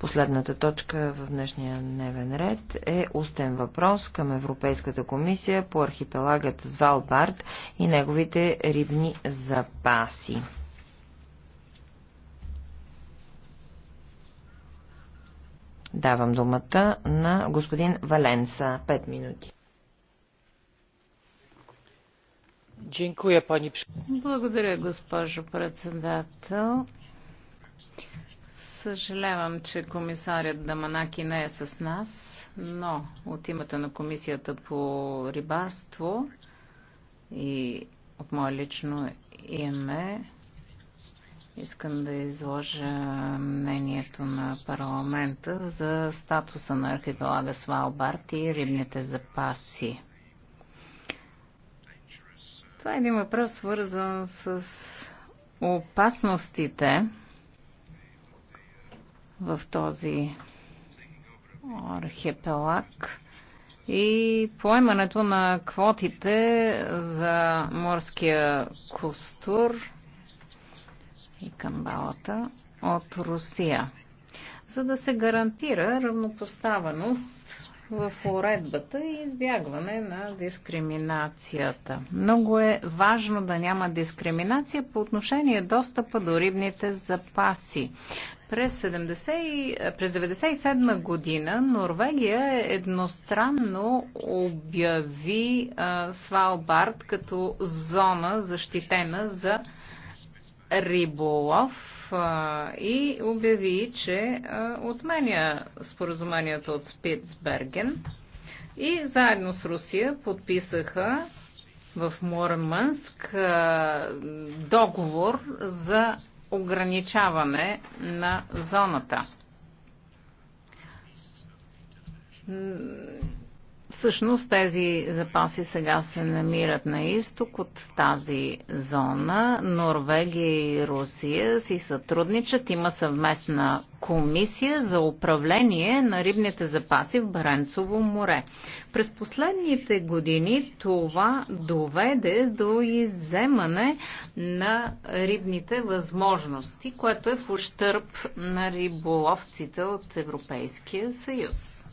Последната точка в днешния дневен ред е устен въпрос към Европейската комисия по архипелагът Свалбард и неговите рибни запаси. Давам думата на господин Валенса. Пет минути. Благодаря, госпожо председател. Съжалявам, че комисарят Даманаки не е с нас, но от името на Комисията по рибарство и от мое лично име искам да изложа мнението на парламента за статуса на архипелага Свалбард и рибните запаси. Това е един въпрос свързан с опасностите, в този архипелаг и поемането на квотите за морския костур и камбалата от Русия, за да се гарантира равнопоставеност в уредбата и избягване на дискриминацията. Много е важно да няма дискриминация по отношение достъпа до рибните запаси. През, 70, през 97 година Норвегия едностранно обяви а, Свалбард като зона защитена за риболов и обяви, че отменя споразумението от Спицберген и заедно с Русия подписаха в Мурманск договор за ограничаване на зоната Всъщност тези запаси сега се намират на изток от тази зона. Норвегия и Русия си сътрудничат. Има съвместна комисия за управление на рибните запаси в Баренцово море. През последните години това доведе до иземане на рибните възможности, което е в ущърп на риболовците от Европейския съюз.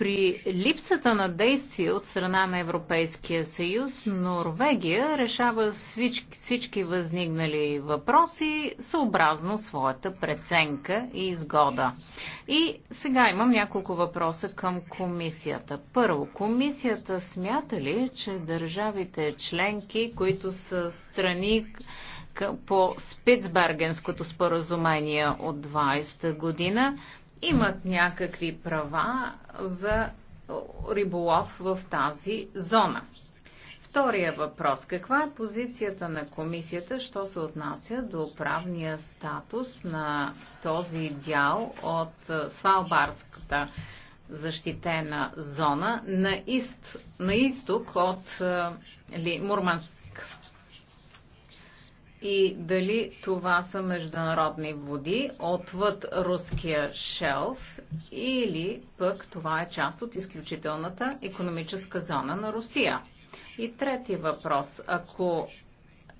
При липсата на действие от страна на Европейския съюз, Норвегия решава всички, възникнали въпроси съобразно своята преценка и изгода. И сега имам няколко въпроса към комисията. Първо, комисията смята ли, че държавите членки, които са страни по Спицбергенското споразумение от 20-та година, имат някакви права за риболов в тази зона. Втория въпрос. Каква е позицията на комисията, що се отнася до правния статус на този дял от Свалбардската защитена зона на, ист, на изток от Мурманск, и дали това са международни води отвъд руския шелф или пък това е част от изключителната економическа зона на Русия. И трети въпрос. Ако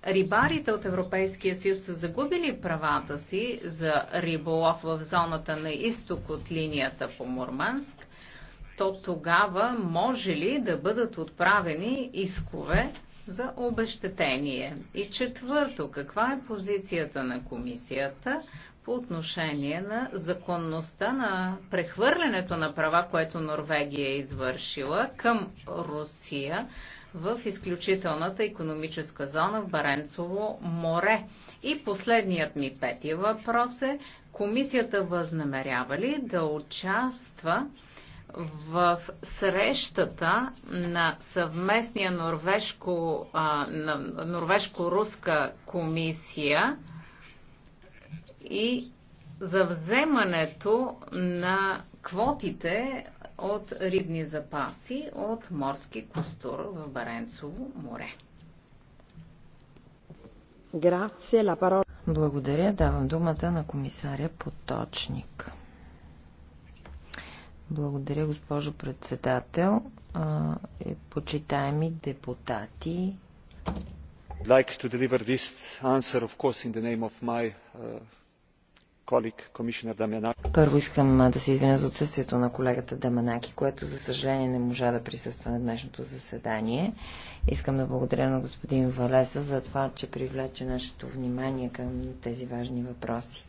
рибарите от Европейския съюз са загубили правата си за риболов в зоната на изток от линията по Мурманск, то тогава може ли да бъдат отправени искове за обещетение? И четвърто, каква е позицията на комисията по отношение на законността на прехвърлянето на права, което Норвегия е извършила към Русия в изключителната економическа зона в Баренцово море? И последният ми петия въпрос е, комисията възнамерява ли да участва в срещата на съвместния норвежко, а, на норвежко-руска комисия и за вземането на квотите от рибни запаси от морски костур в Баренцово море. Благодаря. Давам думата на комисаря Поточник. Благодаря, госпожо председател. Е, почитаеми депутати, like to deliver this answer, of course, in the name of my uh, Първо искам да се извиня за отсъствието на колегата Даманаки, което за съжаление не можа да присъства на днешното заседание. Искам да благодаря на господин Валеса за това, че привлече нашето внимание към тези важни въпроси.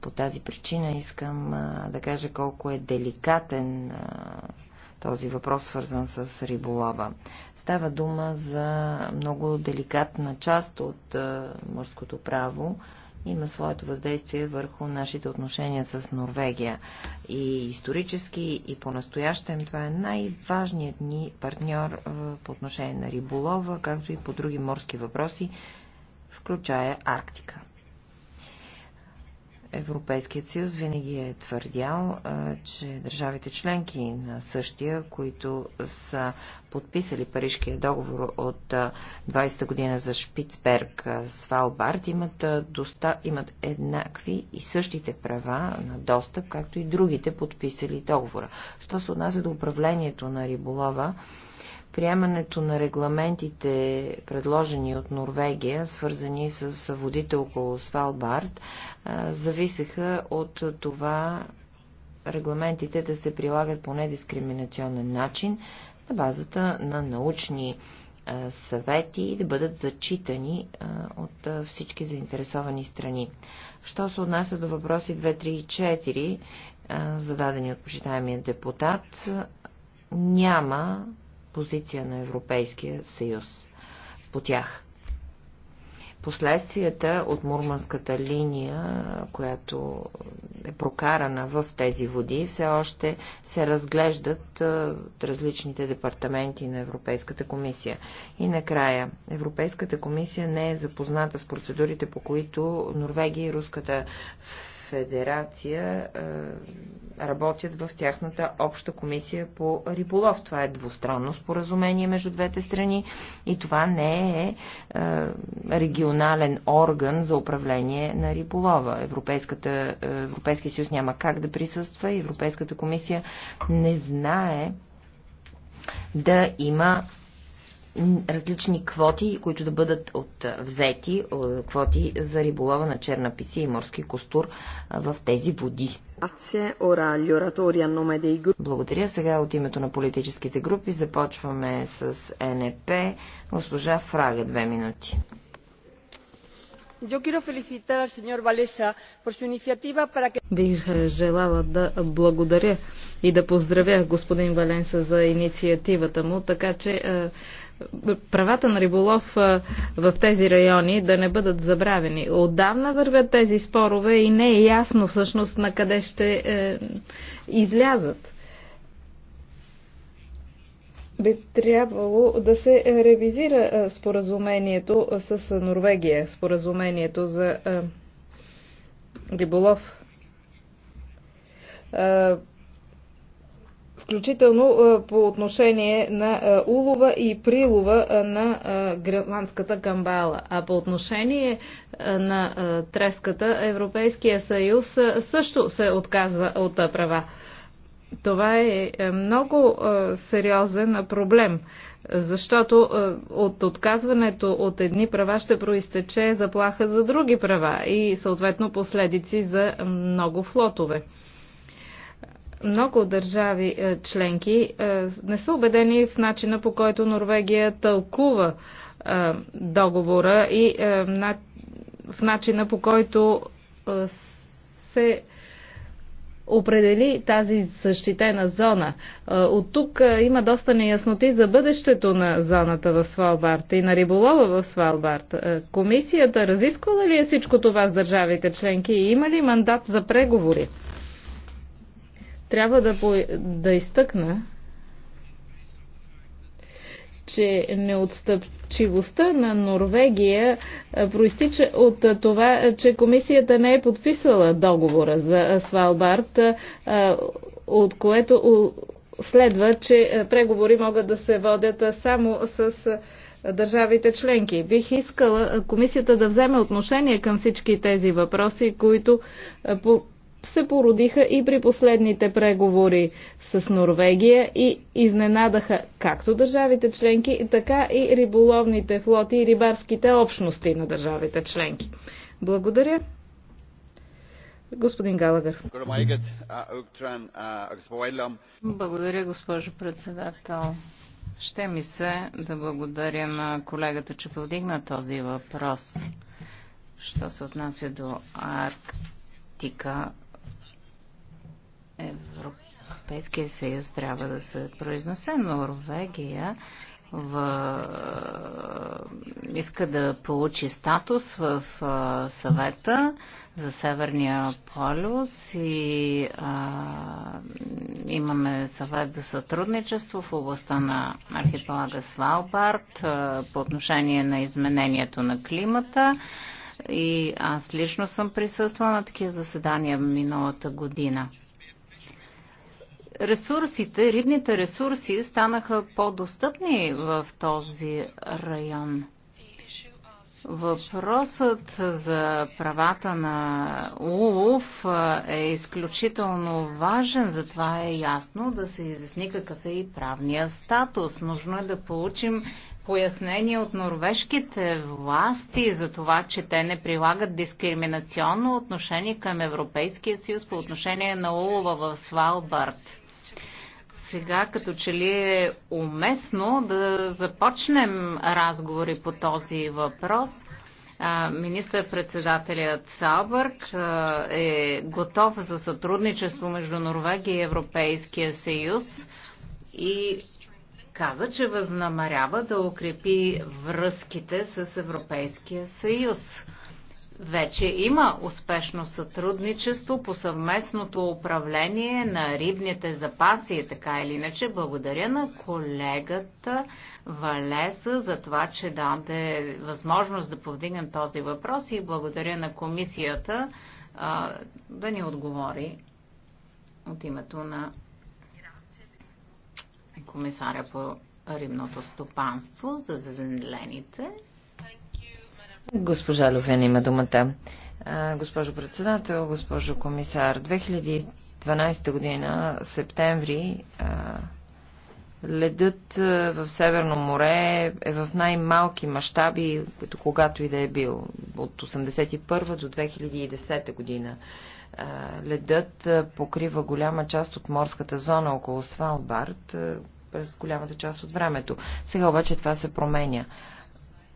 По тази причина искам да кажа колко е деликатен този въпрос, свързан с риболова. Става дума за много деликатна част от морското право. Има своето въздействие върху нашите отношения с Норвегия. И исторически, и по-настоящем това е най-важният ни партньор по отношение на риболова, както и по други морски въпроси, включая Арктика. Европейският съюз винаги е твърдял, че държавите членки на същия, които са подписали Парижкия договор от 20-та година за Шпицберг Свалбард, имат, доста... имат еднакви и същите права на достъп, както и другите подписали договора. Що се отнася до управлението на риболова, Приемането на регламентите, предложени от Норвегия, свързани с водите около Свалбард, зависеха от това регламентите да се прилагат по недискриминационен начин на базата на научни съвети и да бъдат зачитани от всички заинтересовани страни. Що се отнася до въпроси 2, 3 и 4, зададени от почитаемия депутат, няма позиция на Европейския съюз по тях. Последствията от Мурманската линия, която е прокарана в тези води, все още се разглеждат от различните департаменти на Европейската комисия. И накрая, Европейската комисия не е запозната с процедурите, по които Норвегия и Руската федерация е, работят в тяхната обща комисия по риболов. Това е двустранно споразумение между двете страни и това не е, е регионален орган за управление на риболова. Европейската, е, Европейския съюз няма как да присъства и Европейската комисия не знае да има различни квоти, които да бъдат от взети квоти за риболова на черна писи и морски костур в тези води. Благодаря. Сега от името на политическите групи започваме с НП. Госпожа Фрага, две минути. Бих желала да благодаря и да поздравя господин Валенса за инициативата му, така че е, правата на риболов в тези райони да не бъдат забравени. Отдавна вървят тези спорове и не е ясно всъщност на къде ще е, излязат. Би трябвало да се ревизира е, споразумението с Норвегия, споразумението за е, риболов. Е, включително по отношение на улова и прилова на гренландската камбала. А по отношение на треската, Европейския съюз също се отказва от права. Това е, е много сериозен проблем, защото от отказването от едни права ще проистече заплаха за други права и съответно последици за много флотове много държави е, членки е, не са убедени в начина по който Норвегия тълкува е, договора и в начина по който се определи тази защитена зона. От тук има доста неясноти за бъдещето на зоната в Свалбард и на риболова в Свалбард. Комисията разисквала ли е всичко това с държавите членки и има ли мандат за преговори? трябва да, по... да изтъкна, че неотстъпчивостта на Норвегия проистича от това, че комисията не е подписала договора за Свалбард, от което следва, че преговори могат да се водят само с държавите членки. Бих искала комисията да вземе отношение към всички тези въпроси, които се породиха и при последните преговори с Норвегия и изненадаха както държавите членки, така и риболовните флоти и рибарските общности на държавите членки. Благодаря. Господин Галагър. Благодаря, госпожо председател. Ще ми се да благодаря на колегата, че повдигна този въпрос. Що се отнася до Арктика, Европейския съюз трябва да се произнесе. Норвегия в, иска да получи статус в съвета за Северния полюс и а, имаме съвет за сътрудничество в областта на архипелага Свалбард а, по отношение на изменението на климата. И аз лично съм присъствала на такива заседания миналата година ресурсите, рибните ресурси станаха по-достъпни в този район. Въпросът за правата на улов е изключително важен, затова е ясно да се изясни какъв е и правния статус. Нужно е да получим пояснение от норвежките власти за това, че те не прилагат дискриминационно отношение към Европейския съюз по отношение на улова в Свалбард сега като че ли е уместно да започнем разговори по този въпрос. Министър-председателят Салбърг е готов за сътрудничество между Норвегия и Европейския съюз и каза, че възнамарява да укрепи връзките с Европейския съюз. Вече има успешно сътрудничество по съвместното управление на рибните запаси, така или иначе. Благодаря на колегата Валеса за това, че даде възможност да повдигнем този въпрос и благодаря на комисията а, да ни отговори от името на комисаря по рибното стопанство за зелените. Госпожа Люфен има думата. Госпожо председател, госпожо комисар, 2012 година, септември, ледът в Северно море е в най-малки мащаби, като когато и да е бил, от 1981 до 2010 година. Ледът покрива голяма част от морската зона около Свалбард през голямата част от времето. Сега обаче това се променя.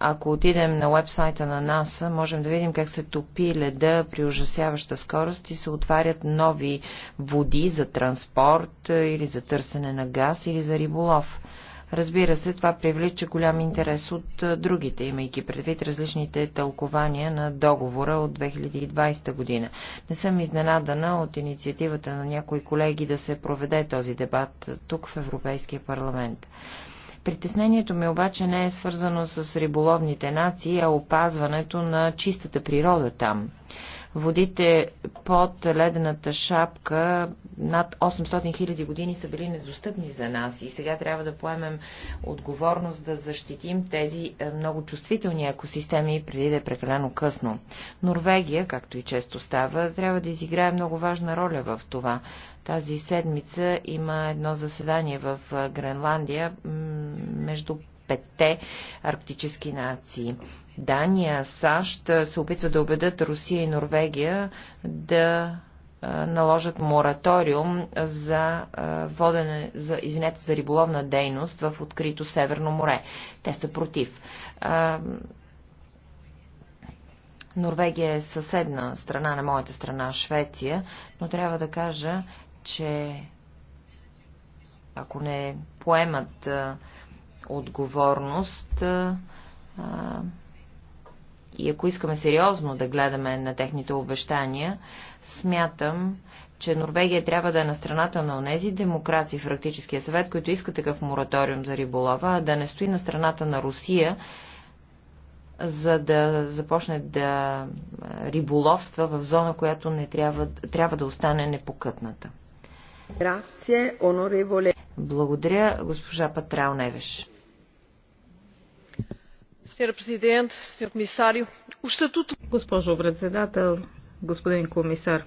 Ако отидем на вебсайта на НАСА, можем да видим как се топи леда при ужасяваща скорост и се отварят нови води за транспорт е, или за търсене на газ или за риболов. Разбира се, това привлича голям интерес от е, другите, имайки предвид различните тълкования на договора от 2020 година. Не съм изненадана от инициативата на някои колеги да се проведе този дебат е, тук в Европейския парламент. Притеснението ми обаче не е свързано с риболовните нации, а опазването на чистата природа там. Водите под ледената шапка над 800 хиляди години са били недостъпни за нас и сега трябва да поемем отговорност да защитим тези е, много чувствителни екосистеми преди да е прекалено късно. Норвегия, както и често става, трябва да изиграе много важна роля в това. Тази седмица има едно заседание в е, Гренландия между петте арктически нации. Дания, САЩ се опитват да убедят Русия и Норвегия да наложат мораториум за водене, за, извинете, за риболовна дейност в открито Северно море. Те са против. Норвегия е съседна страна на моята страна, Швеция, но трябва да кажа, че ако не поемат отговорност. И ако искаме сериозно да гледаме на техните обещания, смятам, че Норвегия трябва да е на страната на онези демокрации в практическия съвет, които искат такъв мораториум за риболова, а да не стои на страната на Русия, за да започне да риболовства в зона, която не трябва, трябва да остане непокътната. Благодаря, госпожа Патрал Невеш. Госпожо председател, господин комисар,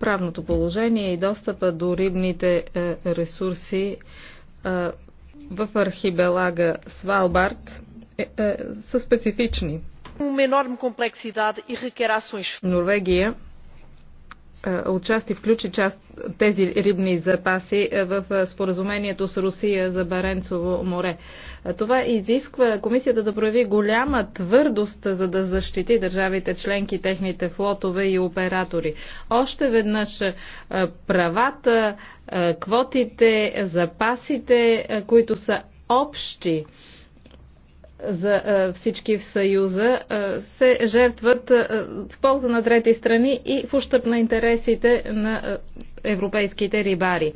правното положение и достъпа до рибните е, ресурси е, в Архибелага Свалбард е, са специфични. E Норвегия е, отчасти включи част тези рибни запаси е, в е, споразумението с Русия за Баренцово море. Това изисква комисията да прояви голяма твърдост, за да защити държавите членки, техните флотове и оператори. Още веднъж правата, квотите, запасите, които са общи за всички в Съюза се жертват в полза на трети страни и в ущърп на интересите на европейските рибари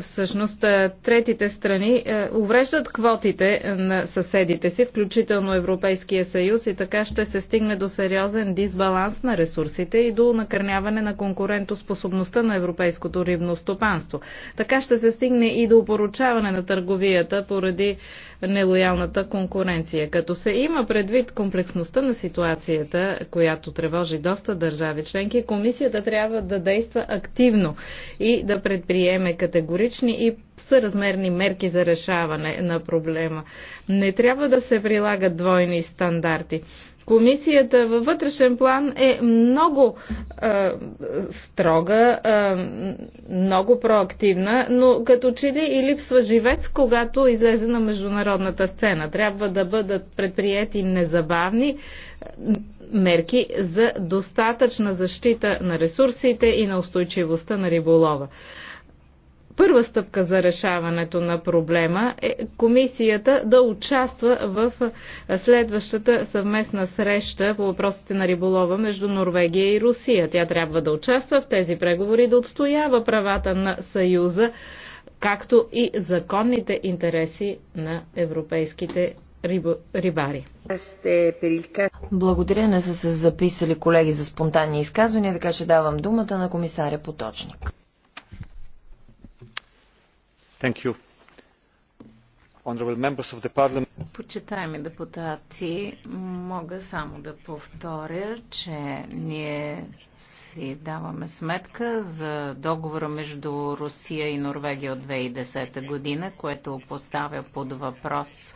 всъщност третите страни увреждат квотите на съседите си, включително Европейския съюз и така ще се стигне до сериозен дисбаланс на ресурсите и до накърняване на конкурентоспособността на европейското рибно стопанство. Така ще се стигне и до опоручаване на търговията поради нелоялната конкуренция. Като се има предвид комплексността на ситуацията, която тревожи доста държави членки, комисията трябва да действа активно и да предприеме категорично категорични и съразмерни мерки за решаване на проблема. Не трябва да се прилагат двойни стандарти. Комисията във вътрешен план е много е, строга, е, много проактивна, но като че ли и липсва живец, когато излезе на международната сцена. Трябва да бъдат предприяти незабавни мерки за достатъчна защита на ресурсите и на устойчивостта на риболова първа стъпка за решаването на проблема е комисията да участва в следващата съвместна среща по въпросите на риболова между Норвегия и Русия. Тя трябва да участва в тези преговори, да отстоява правата на Съюза, както и законните интереси на европейските рибари. Благодаря, не са се записали колеги за спонтанни изказвания, така че давам думата на комисаря Поточник. Почитаеми депутати, мога само да повторя, че ние си даваме сметка за договора между Русия и Норвегия от 2010 година, което поставя под въпрос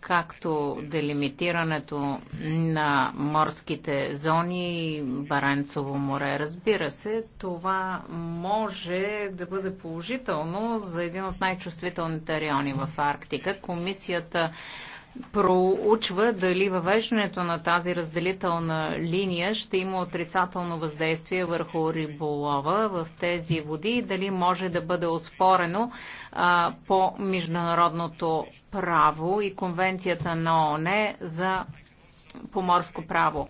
както делимитирането на морските зони и Баренцово море. Разбира се, това може да бъде положително за един от най-чувствителните райони в Арктика. Комисията проучва дали въвеждането на тази разделителна линия ще има отрицателно въздействие върху риболова в тези води и дали може да бъде оспорено а, по международното право и конвенцията на ОНЕ за поморско право.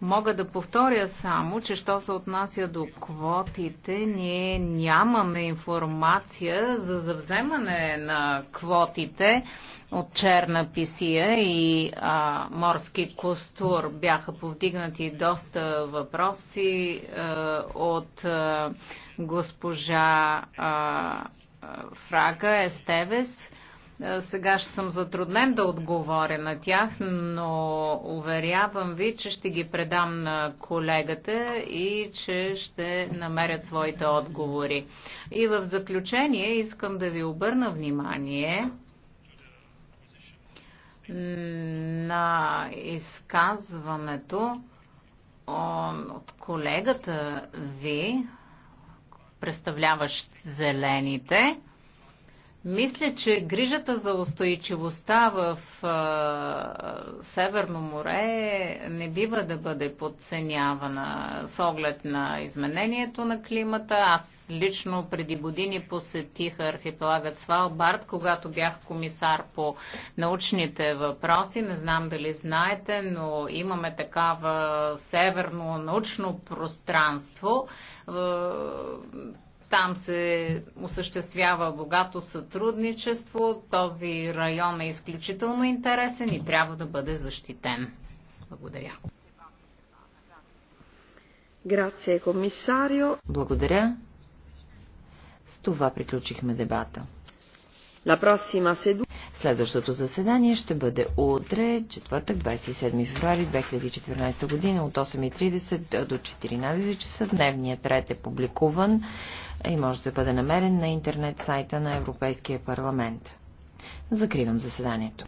Мога да повторя само, че що се отнася до квотите, ние нямаме информация за завземане на квотите от черна писия и а, морски костур. Бяха повдигнати доста въпроси а, от а, госпожа а, Фрага Естевес е, сега ще съм затруднен да отговоря на тях, но уверявам ви, че ще ги предам на колегата и че ще намерят своите отговори. И в заключение искам да ви обърна внимание на изказването от колегата ви, представляващ зелените мисля, че грижата за устойчивостта в а, Северно море не бива да бъде подценявана с оглед на изменението на климата. Аз лично преди години посетих архипелагът Свалбард, когато бях комисар по научните въпроси. Не знам дали знаете, но имаме такава северно научно пространство, там се осъществява богато сътрудничество. Този район е изключително интересен и трябва да бъде защитен. Благодаря. Грация, комисарио. Благодаря. С това приключихме дебата. Следващото заседание ще бъде утре, четвъртък, 27 феврали 2014 година от 8.30 до 14 часа. Дневният ред е публикуван. Е и може да бъде намерен на интернет сайта на Европейския парламент. Закривам заседанието.